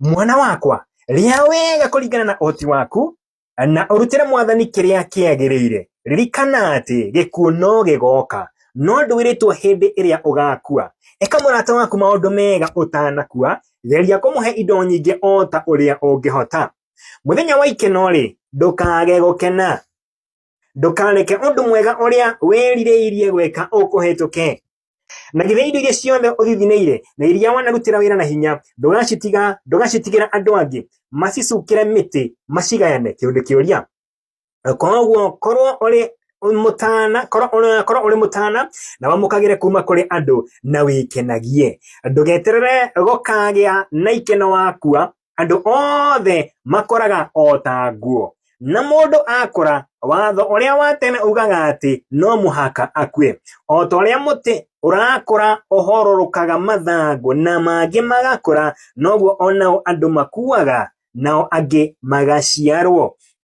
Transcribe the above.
mwana wakwa rĩa wega kũringana na ũhoti waku na ũrutĩre mwathani kĩrĩa kĩagĩrĩire ririkana atĩ gĩkuũ no gĩgoka no ndwĩrĩtwo hĩndĩ ĩrĩa ũgakua ĩka mũrata waku maũndũ mega ũtanakua geria kũmũhe indo nyingĩ o ta ũrĩa ũngĩhota mũthenya wa ikeno-rĩ ndũkage gũkena ndũkareke ũndũ mwega ũrĩa wĩrirĩirie gwĩka ũkũhĩtũke na githä indo iria ciothe å thithinä na iria wanarutĩra wĩra na hinya ndågacitigĩra andũ angĩ macicukĩre mĩtĩ macigayane kä ũndå kä å ria koguo korwo ũrĩ mutana korwo ũrĩ mutana na wamũkagĩre kuma kũrĩ andũ na wikenagie ndũgeterere gũkagĩa na ikeno wakua andũ othe makoraga o nguo na mũndũ akora watho ũrĩa wa tene ugaga atĩ no mũhaka akue o ta ũrĩa mũtĩ ũrakũra ũhororokaga mathangũ na mangĩ magakũra noguo onao andu andũ makuaga nao angĩ magaciarwo